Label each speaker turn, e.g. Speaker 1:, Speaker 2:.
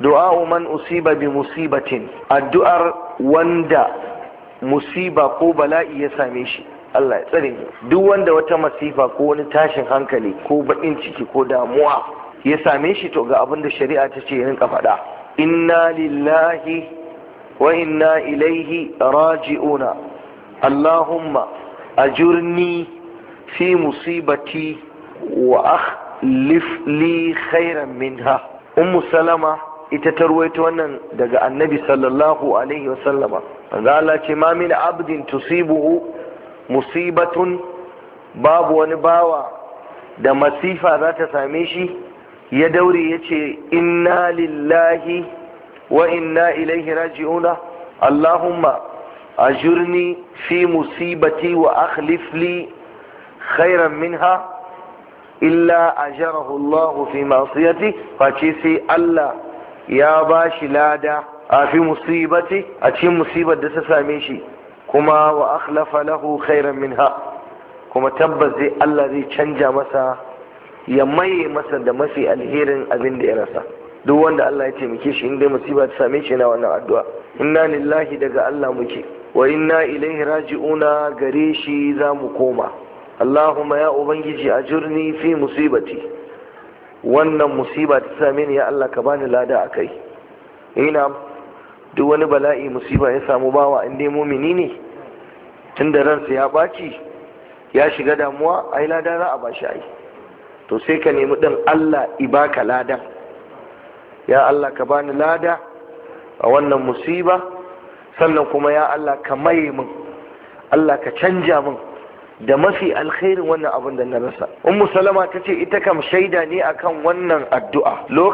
Speaker 1: du'a man usiba bi musibatin addu'ar wanda musiba ko bala'i ya same shi Allah ya tsare duk wanda wata masifa ko wani tashin hankali ko bakin ciki ko damuwa ya same shi to ga abin da shari'a ta ce rinka faɗa inna lillahi wa inna ilaihi raji'una allahumma ajurni fi musibati wa akhlif li khairan minha ummu salama ita ta ruwaito wannan daga annabi sallallahu alaihi wasallama ga Allah ce ma min abdin tusibuhu musibatun babu wani bawa da masifa za ta same shi ya daure ya ce inna lillahi wa inna ilaihi raji'una Allahumma ajurni fi musibati wa akhlif li khairan minha illa ajarahu Allah fi ma'siyati fa ce sai Allah ya ba shi lada a fi musibati a cikin musibar da ta same shi kuma wa akhlafa lahu khairan minha kuma tabbas zai Allah zai canja masa ya maye masa da mafi alherin abin da ya rasa duk wanda Allah ya taimake shi inda musiba ta same shi na wannan addu'a inna lillahi daga Allah muke wa inna ilaihi raji'una gare shi za mu koma Allahumma ya ubangiji ajurni fi musibati wannan musiba ta same ni ya Allah ka bani lada a kai ina duk wani bala'i musiba ya samu bawa in dai mumini ne tunda ransa ya baci ya shiga damuwa ai lada za a bashi ai to sai ka nemi ɗin Allah ibaka lada ya Allah ka bani lada a wannan musiba sannan kuma ya Allah ka maye min Allah ka canja min da mafi alkhairin wannan abin da na rasa ummu salama ta ce ita kam shaida ne akan wannan addu'a